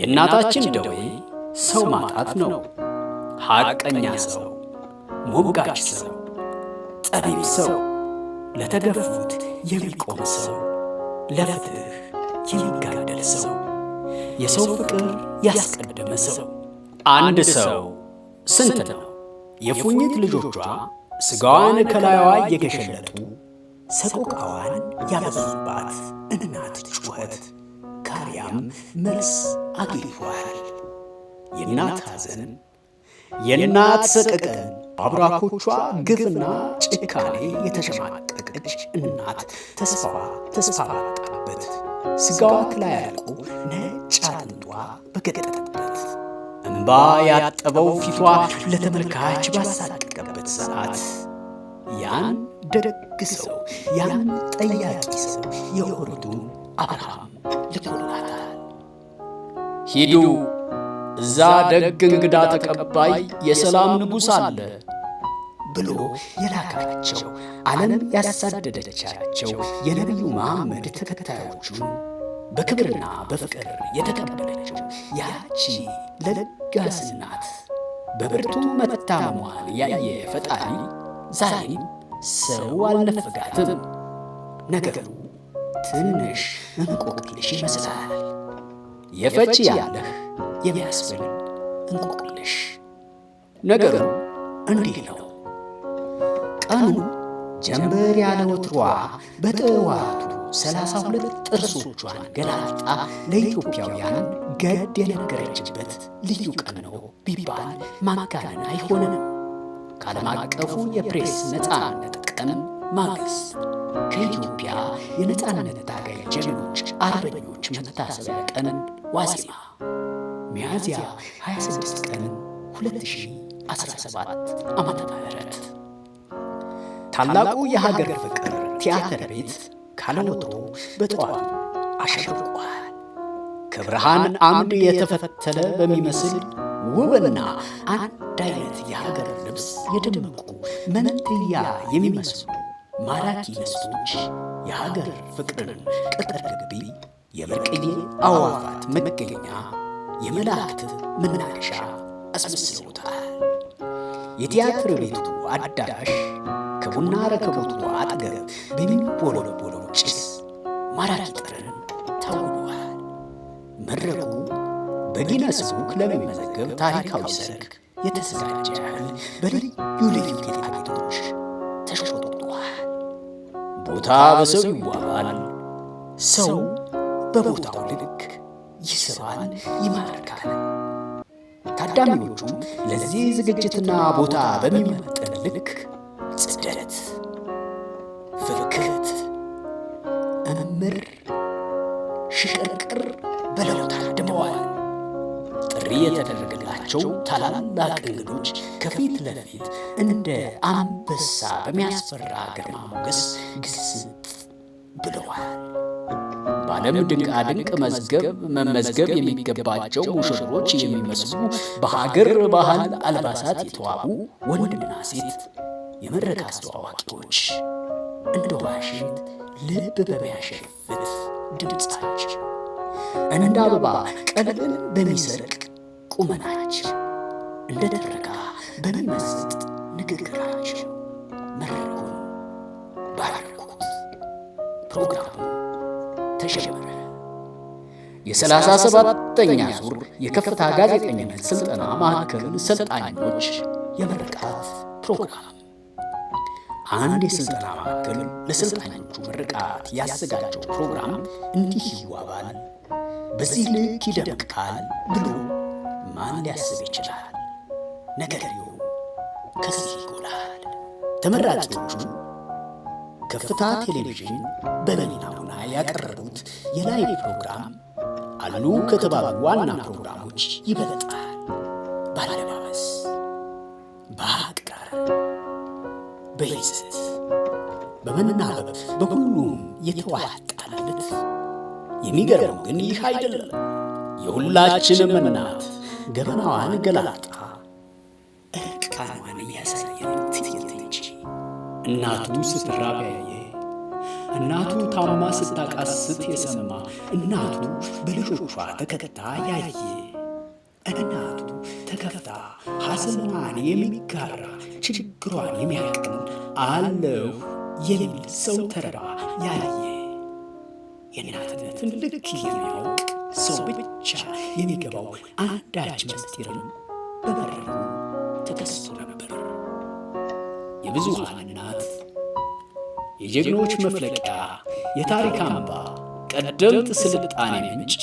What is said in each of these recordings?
የእናታችን ደዌ ሰው ማጣት ነው። ሐቀኛ ሰው፣ ሞጋች ሰው፣ ጠቢብ ሰው፣ ለተገፉት የሚቆም ሰው፣ ለፍትህ የሚጋደል ሰው፣ የሰው ፍቅር ያስቀደመ ሰው። አንድ ሰው ስንት ነው? የፉኝት ልጆቿ ሥጋዋን ከላይዋ እየገሸለጡ ሰቆቃዋን ያበዙባት እናት ጩኸት ማርያም መልስ አግኝቷል። የእናት ሐዘን፣ የእናት ሰቀቀን፣ አብራኮቿ ግፍና ጭካኔ የተሸማቀቀች እናት ተስፋ ተስፋ ስጋዋ ሥጋዋ ከላይ አልቆ ነጭ አጥንቷ በገጠጠበት እምባ ያጠበው ፊቷ ለተመልካች ባሳቀቀበት ሰዓት ያን ደግ ሰው ያን ጠያቂ ሰው የኦርዱን አብርሃም ሂዱ፣ እዛ ደግ እንግዳ ተቀባይ የሰላም ንጉሥ አለ ብሎ የላካቸው ዓለም ያሳደደቻቸው የነቢዩ መሐመድ ተከታዮቹን በክብርና በፍቅር የተቀበለችው ያቺ ለለጋስ ናት። በብርቱ መታመሟን ያየ ፈጣሪ ዛሬም ሰው አልነፈጋትም። ነገሩ ትንሽ እንቆቅልሽ ይመስላል። የፈች ያለህ የሚያስብል እንቆቅልሽ። ነገሩ እንዲህ ነው። ቀኑ ጀንበር ያለ ወትሯ በጠዋቱ ሰላሳ ሁለት ጥርሶቿን ገላጣ ለኢትዮጵያውያን ገድ የነገረችበት ልዩ ቀን ነው ቢባል ማጋነን አይሆንም። ከዓለም አቀፉ የፕሬስ ነፃነት ቀን ማግስት ከኢትዮጵያ የነፃነት ታገ ጀግኖች አርበኞች መታሰቢያ ቀንን ዋዜማ ሚያዝያ 26 ቀን 2017 ዓመተ ምህረት ታላቁ የሀገር ፍቅር ቲያትር ቤት ካለወጡ በጠዋቱ አሸብርቋል። ከብርሃን አምድ የተፈተለ በሚመስል ውብና አንድ አይነት የሀገር ልብስ የደመቁ መንትያ የሚመስሉ ማራኪ መስቶች፣ የሀገር ፍቅርን ቅጥር ግቢ፣ የብርቅዬ አዕዋፋት መገኛ፣ የመላእክት መናገሻ አስመስለውታል። የቲያትር ቤቱ አዳራሽ ከቡና ረከቦቱ አጠገብ በሚንቦለቦለው ጭስ ማራኪ ጥርን ተውኗል። መድረኩ በጊነስ ቡክ ለሚመዘገብ ታሪካዊ ሰርግ የተዘጋጀ በልዩ ልዩ ጌጣጌጦች ቦታ በሰው ይዋባል፣ ሰው በቦታው ልክ ይስባል፣ ይማርካል። ታዳሚዎቹም ለዚህ ዝግጅትና ቦታ በሚመጥን ልክ ጽደት፣ ፍክት፣ እምር፣ ሽቅርቅር ብለው ታድመዋል። ጥሪ የተደረገላቸው ታላላቅ እንግዶች ከፊት ለፊት እንደ አንበሳ በሚያስፈራ ግርማ ሞገስ ግስጥ ብለዋል። በዓለም ድንቃድንቅ መዝገብ መመዝገብ የሚገባቸው ሙሽሮች የሚመስሉ በሀገር ባህል አልባሳት የተዋቡ ወንድና ሴት የመድረክ አስተዋዋቂዎች እንደ ዋሽንት ልብ በሚያሸፍት ድምፃቸው እንደ አበባ ቀልብን በሚሰርቅ ቁመናቸው እንደ ደረጋ በሚመስጥ ንግግራቸው መረቁን ባረኩት። ፕሮግራሙ ተጀመረ። የሰላሳ ሰባተኛ ዙር የከፍታ ጋዜጠኝነት ስልጠና ማዕከል ሰልጣኞች የምርቃት ፕሮግራም አንድ የስልጠና ማዕከል ለሰልጣኞቹ ምርቃት ያዘጋጀው ፕሮግራም እንዲህ ይዋባል፣ በዚህ ልክ ይደምቃል ብሎ ማን ሊያስብ ይችላል? ነገርየው ከዚህ ይጎላል። ተመራቂዎቹ ከፍታ ቴሌቪዥን በመዲናው ላይ ያቀረቡት የላይ ፕሮግራም አሉ ከተባሉ ዋና ፕሮግራሞች ይበልጣል። መናወጥ በሁሉም የተዋጣለት። የሚገርመው ግን ይህ አይደለም። የሁላችንም እናት ገበናዋን ገላጣ እርቃኗን እያሳየን ትየት እናቱ ስትራብ ያየ፣ እናቱ ታማ ስታቃስት የሰማ፣ እናቱ በልጆቿ ተከታ ያየ፣ እናቱ ተከፍታ ሐዘኗን የሚጋራ ችግሯን የሚያቅን አለው የሚል ሰው ተረባ ያየ የእናትነትን ልክ የሚያውቅ ሰው ብቻ የሚገባው አንዳች ምስጢርን በበር ተከስቶ ነበር። የብዙሃን እናት፣ የጀግኖች መፍለቂያ፣ የታሪክ አምባ፣ ቀደምት ስልጣኔ ምንጭ፣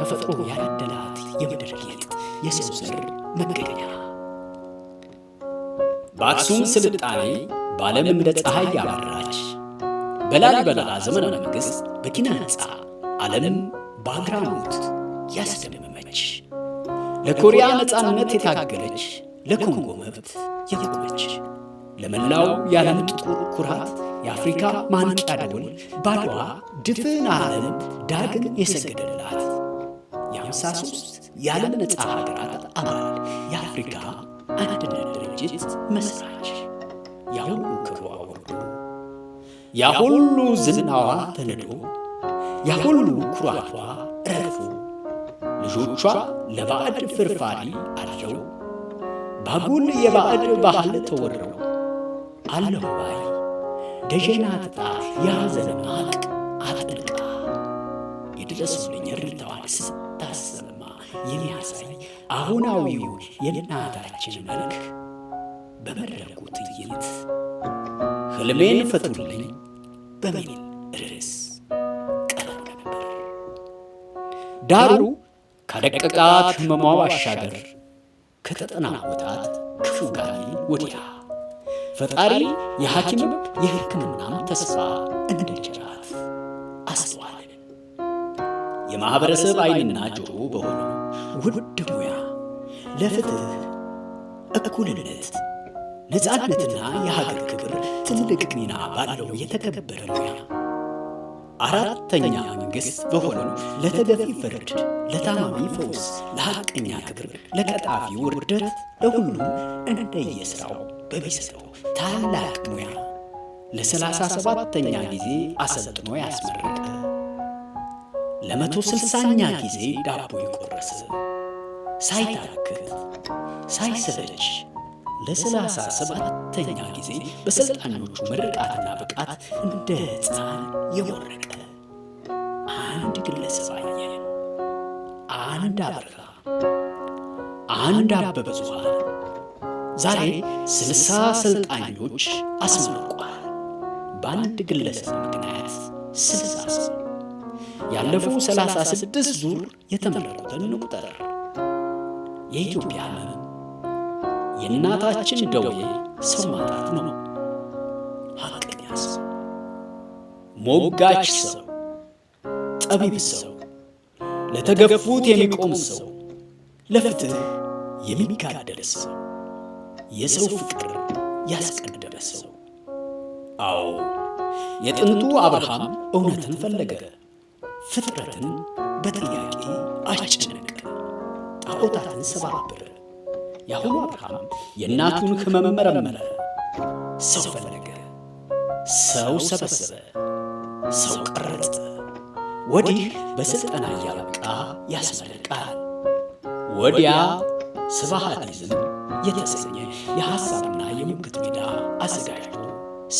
ተፈጥሮ ያደላት የምድር ጌጥ፣ የሰው ዘር መገኛ በአክሱም ስልጣኔ በዓለም እንደ ፀሐይ ያበራች በላሊበላ ዘመነ መንግሥት በኪነ ሕንፃ ዓለምን በአግራሞት ያስደመመች ለኮሪያ ነፃነት የታገለች ለኮንጎ መብት የቆመች ለመላው የዓለም ጥቁር ኩራት የአፍሪካ ማንቂያ ደወል ባድዋ ድፍን ዓለም ዳግም የሰገደላት የ53 የዓለም ነፃ ሀገራት አባል የአፍሪካ አንድነት ድርጅት መስራች ያሁሉ ሁሉ ክብሯ ወርዶ ያ ዝናዋ ተንዶ ያሁሉ ኩራቷ ረግፎ ልጆቿ ለባዕድ ፍርፋሪ አለው። ባጉል የባዕድ ባህል ተወረው አለሁ ባይ ደጀና ትጣ ያዘን ማቅ አጥልቃ የድረሱልኝ እሪታዋን ስታሰማ የሚያሳይ አሁናዊው የእናታችን መልክ በመድረኩ ትዕይንት ህልሜን ፈቱልኝ በሚል ርዕስ ቀርቦ ነበር። ዳሩ ካደቀቃት ህመሟ ባሻገር ከተጠናወታት ክፉ ጋሪ ወዲያ ፈጣሪ የሐኪም የሕክምናም ተስፋ እንደጀራት አስተዋልን። የማኅበረሰብ ዐይንና ጆሮ በሆነ ውድ ሙያ ለፍትህ እኩልነት ነፃነትና የሀገር ክብር ትልቅ ሚና ባለው የተከበረ ሙያ። አራተኛ መንግሥት በሆነው ለተገፊ ፍርድ፣ ለታማሚ ፈውስ፣ ለሐቀኛ ክብር፣ ለቀጣፊ ውርደት፣ ለሁሉም እንደየሥራው በሚሰጠው ታላቅ ሙያ ለሰላሳ ሰባተኛ ጊዜ አሰልጥኖ ያስመረቀ፣ ለመቶ ስልሳኛ ጊዜ ዳቦ የቆረሰ ሳይታክት ሳይሰለች ለሰላሳ ሰባተኛ ጊዜ በሰልጣኞቹ ምርቃትና ብቃት እንደ ሕፃን የወረቀ አንድ ግለሰብ አየ። አንድ አበራ፣ አንድ አበበ ብዙኃን ዛሬ ስልሳ ሰልጣኞች አስመርቋል። በአንድ ግለሰብ ምክንያት ስልሳ ሰው ያለፉ ሰላሳ ስድስት ዙር የተመረቁትን ቁጥር የኢትዮጵያ የእናታችን ደዌ ሰው ማጣት ነው። ሐቅን ሰው፣ ሞጋች ሰው፣ ጠቢብ ሰው፣ ለተገፉት የሚቆም ሰው፣ ለፍትህ የሚጋደል ሰው፣ የሰው ፍቅር ያስቀደደ ሰው። አዎ የጥንቱ አብርሃም እውነትን ፈለገ፣ ፍጥረትን በጥያቄ አጨነቀ፣ ጣዖታትን ሰባበረ። የአሁኑ አብርሃም የእናቱን ሕመም መረመረ፣ ሰው ፈለገ፣ ሰው ሰበሰበ፣ ሰው ቀረጸ። ወዲህ በሥልጠና እያበቃ ያስመርቃል። ወዲያ ስብሃቲዝም የተሰኘ የሐሳብና የሙግት ሜዳ አዘጋጅቶ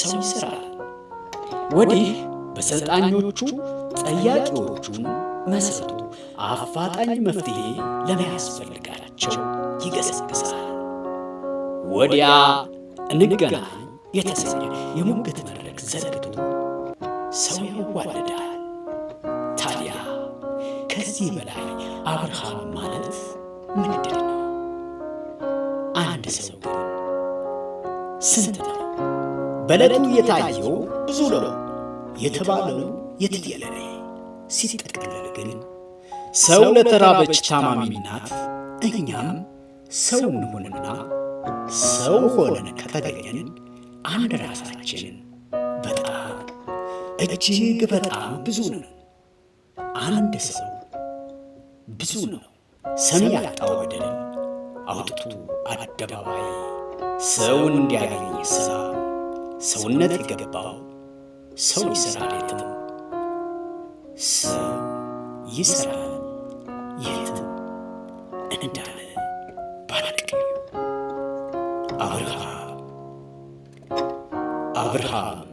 ሰው ይሠራል። ወዲህ በሰልጣኞቹ ጠያቂዎቹን መስርቱ አፋጣኝ መፍትሄ ለሚያስፈልጋቸው ይገሰግሳል። ወዲያ እንገናኝ የተሰኘ የሙግት መድረክ ዘርግቶ ሰው ያዋልዳል። ታዲያ ከዚህ በላይ አብርሃም ማለት ምንድን ነው? አንድ ሰው ግን ስንት ነው? በለቱ የታየው ብዙ ነው የተባለው የትየለለ ሲጠቅለል ግን ሰው ለተራበች ታማሚ እናት እኛም ሰው እንሆንና ሰው ሆነን ከተገኘን አንድ ራሳችን በጣም እጅግ በጣም ብዙ ነው። አንድ ሰው ብዙ ነው። ሰሚ ያጣው በደል አውጥቶ አደባባይ ሰውን እንዲያገኝ ሥራ ሰውነት የገባው ሰው ይሠራ ሌትም ሰው ይሠራ የትም እንዳለ ባላቅ አብርሃ አብርሃም